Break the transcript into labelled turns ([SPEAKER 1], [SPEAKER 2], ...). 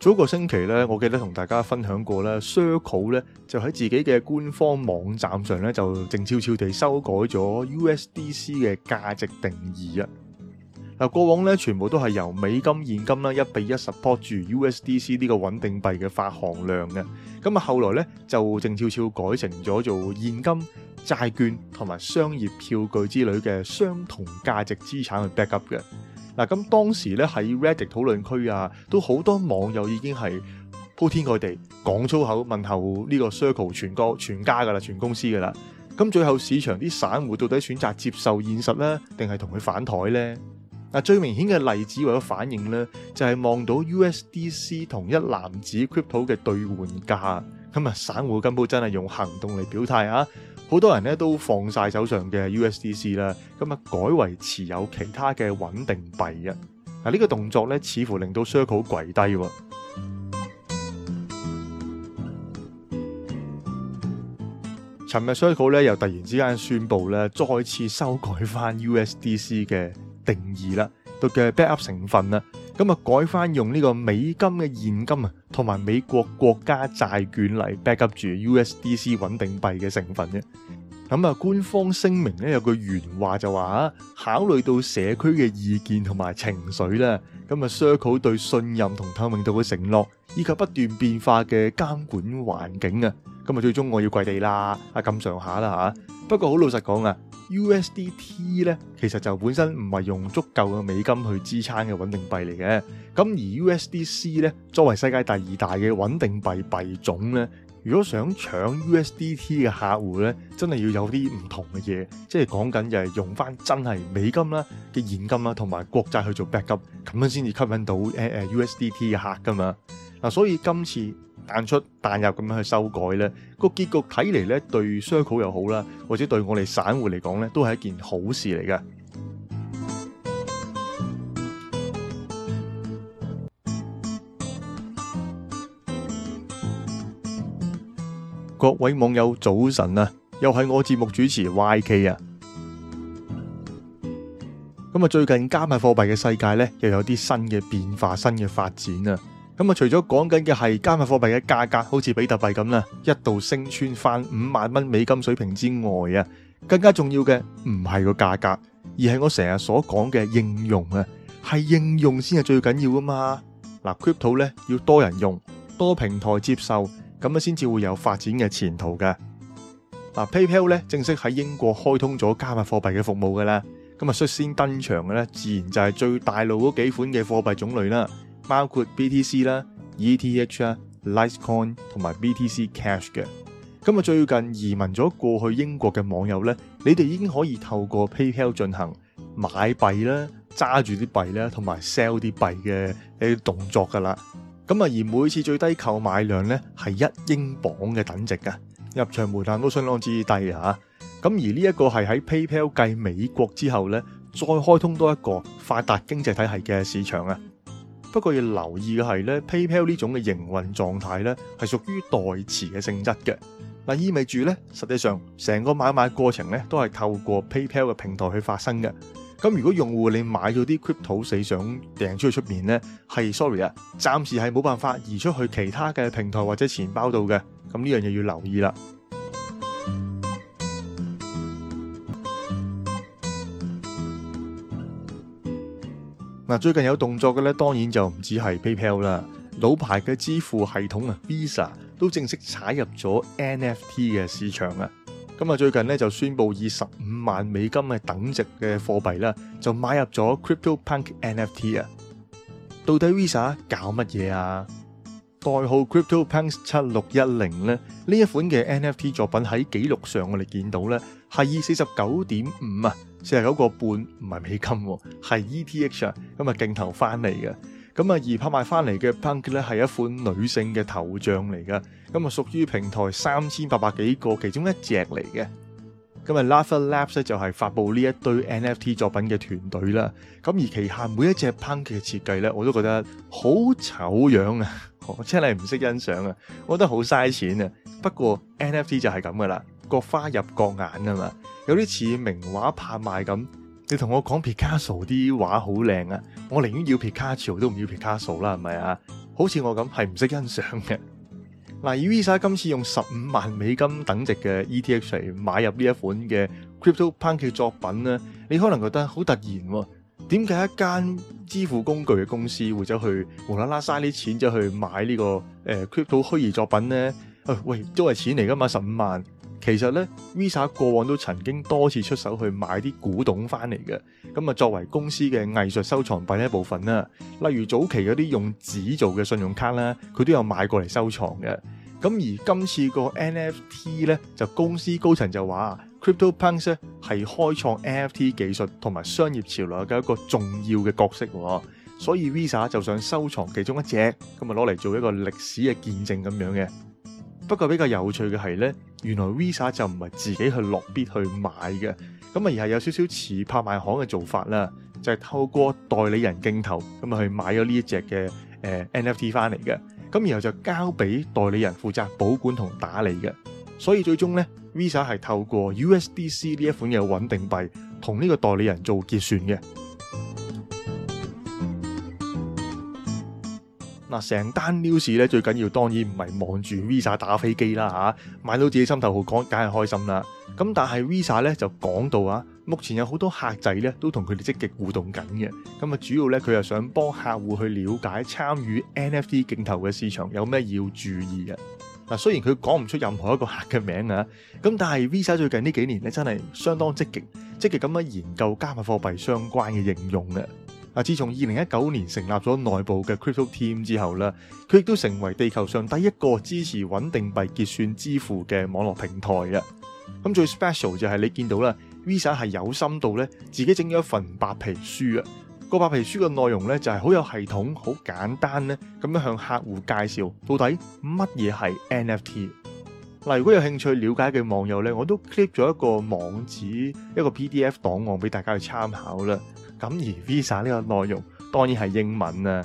[SPEAKER 1] 早個星期咧，我記得同大家分享過啦。Circle 咧就喺自己嘅官方網站上咧，就靜悄悄地修改咗 USDC 嘅價值定義啊。嗱，過往咧全部都係由美金現金啦，一比一 support 住 USDC 呢個穩定幣嘅發行量嘅，咁啊後來咧就靜悄悄改成咗做現金債券同埋商業票據之類嘅相同價值資產去 back up 嘅。嗱，咁當時咧喺 Reddit 討論區啊，都好多網友已經係鋪天蓋地講粗口，問候呢個 Circle 全國全家噶啦，全公司噶啦。咁最後市場啲散戶到底選擇接受現實呢？定係同佢反台呢？嗱，最明顯嘅例子為咗反應呢，就係、是、望到 USDC 同一籃子 Crypto 嘅兌換價，咁啊，散戶根本真係用行動嚟表態啊！好多人咧都放晒手上嘅 USDC 啦，咁啊改為持有其他嘅穩定幣啊！嗱，呢個動作咧似乎令到 Circle 跪低喎。尋日 Circle 咧又突然之間宣布咧，再次修改翻 USDC 嘅定義啦，佢嘅 backup 成分啊。咁啊，改翻用呢個美金嘅現金啊，同埋美國國家債券嚟 back up 住 USDC 穩定幣嘅成分嘅。咁啊，官方聲明咧有句原話就話考慮到社區嘅意見同埋情緒呢，咁啊，Circle 對信任同透明度嘅承諾，以及不斷變化嘅監管環境啊。咁啊，最終我要跪地啦！啊，咁上下啦吓。不過好老實講啊，USDT 呢其實就本身唔係用足夠嘅美金去支撐嘅穩定幣嚟嘅。咁而 USDC 呢，作為世界第二大嘅穩定幣幣種呢，如果想搶 USDT 嘅客戶呢，真係要有啲唔同嘅嘢，即係講緊就係用翻真係美金啦嘅現金啦，同埋國債去做 backup，咁樣先至吸引到誒 USDT 嘅客㗎嘛。嗱，所以今次。彈出、彈入咁樣去修改呢個結局，睇嚟咧，對 Circle 又好啦，或者對我哋散戶嚟講呢都係一件好事嚟噶。各位網友早晨啊，又係我節目主持 YK 啊。咁啊，最近加密貨幣嘅世界呢，又有啲新嘅變化、新嘅發展啊。咁啊，除咗講緊嘅係加密貨幣嘅價格，好似比特幣咁啦，一度升穿翻五萬蚊美金水平之外啊，更加重要嘅唔係個價格，而係我成日所講嘅應用啊，係應用先係最緊要噶嘛。嗱，crypto 咧要多人用，多平台接受，咁樣先至會有發展嘅前途噶。嗱，PayPal 咧正式喺英國開通咗加密貨幣嘅服務噶啦，咁啊率先登場嘅咧，自然就係最大路嗰幾款嘅貨幣種類啦。包括 BTC 啦、ETH 啦、Litecoin 同埋 BTC Cash 嘅。咁啊，最近移民咗過去英國嘅網友呢，你哋已經可以透過 PayPal 進行買幣啦、揸住啲幣啦同埋 sell 啲幣嘅誒動作噶啦。咁啊，而每次最低購買量呢，係一英鎊嘅等值噶，入場門檻都相當之低啊。咁而呢一個係喺 PayPal 繼美國之後呢，再開通多一個發達經濟體系嘅市場啊。不過要留意嘅係咧，PayPal 呢種嘅營運狀態咧，係屬於代持嘅性質嘅，嗱，意味住咧，實際上成個買賣過程咧，都係透過 PayPal 嘅平台去發生嘅。咁如果用戶你買咗啲 crypto c 想掟出去出面咧，係 sorry 啊，暫時係冇辦法移出去其他嘅平台或者錢包度嘅。咁呢樣嘢要留意啦。嗱，最近有動作嘅咧，當然就唔止係 PayPal 啦，老牌嘅支付系統啊 Visa 都正式踩入咗 NFT 嘅市場啊！咁啊最近咧就宣布以十五萬美金嘅等值嘅貨幣啦，就買入咗 CryptoPunk NFT 啊！到底 Visa 搞乜嘢啊？代號 CryptoPunks 七六一零咧，呢一款嘅 NFT 作品喺紀錄上我哋見到咧，係以四十九點五啊，四十九個半唔係美金係、啊、ETH 啊，咁啊競投翻嚟嘅。咁啊而拍賣翻嚟嘅 Punk 咧，係一款女性嘅頭像嚟㗎。咁啊屬於平台三千八百幾個其中一隻嚟嘅。咁啊 Larva Labs 咧就係發佈呢一堆 NFT 作品嘅團隊啦，咁而旗下每一隻 Punk 嘅設計咧，我都覺得好醜樣啊！我真係唔識欣賞啊，我覺得好嘥錢啊。不過 NFT 就係咁噶啦，各花入各眼啊嘛，有啲似名畫拍賣咁。你同我講 Picasso 啲畫好靚啊，我寧願要 Picasso 都唔要 Picasso 啦，係咪啊？好似我咁係唔識欣賞嘅。嗱，VISA 今次用十五萬美金等值嘅 ETH 嚟買入呢一款嘅 Crypto Punk 嘅作品咧，你可能覺得好突然喎。點解一間支付工具嘅公司會走去無啦啦嘥啲錢就去買呢個誒 Crypto 虛擬虛擬作品呢？啊、喂，都係錢嚟㗎嘛，十五萬。其實呢 Visa 過往都曾經多次出手去買啲古董翻嚟嘅，咁啊作為公司嘅藝術收藏品一部分啦。例如早期嗰啲用紙做嘅信用卡啦，佢都有買過嚟收藏嘅。咁而今次個 NFT 呢，就公司高層就話。CryptoPunks 係開創 NFT 技術同埋商業潮流嘅一個重要嘅角色，所以 Visa 就想收藏其中一隻咁啊，攞嚟做一個歷史嘅見證咁樣嘅。不過比較有趣嘅係呢，原來 Visa 就唔係自己去落必去買嘅，咁啊而係有少少似拍賣行嘅做法啦，就係透過代理人競投咁啊去買咗呢一隻嘅誒 NFT 翻嚟嘅，咁然後就交俾代理人負責保管同打理嘅，所以最終呢。Visa 係透過 USDC 呢一款嘅穩定幣同呢個代理人做結算嘅。嗱，成單 news 咧最緊要當然唔係望住 Visa 打飛機啦嚇，買到自己心頭好講，梗係開心啦。咁但係 Visa 咧就講到啊，目前有好多客仔咧都同佢哋積極互動緊嘅。咁啊，主要咧佢又想幫客戶去了解參與 NFT 競投嘅市場有咩要注意嘅。嗱，雖然佢講唔出任何一個客嘅名啊，咁但係 Visa 最近呢幾年咧，真係相當積極，積極咁樣研究加密貨幣相關嘅應用嘅。嗱，自從二零一九年成立咗內部嘅 Crypto Team 之後啦，佢亦都成為地球上第一個支持穩定幣結算支付嘅網絡平台啊。咁最 special 就係你見到啦，Visa 係有心到咧，自己整咗一份白皮書啊。個白皮書嘅內容咧就係好有系統、好簡單咧，咁樣向客戶介紹到底乜嘢係 NFT。嗱，如果有興趣了解嘅網友咧，我都 clip 咗一個網址、一個 PDF 檔案俾大家去參考啦。咁而 Visa 呢個內容當然係英文啦。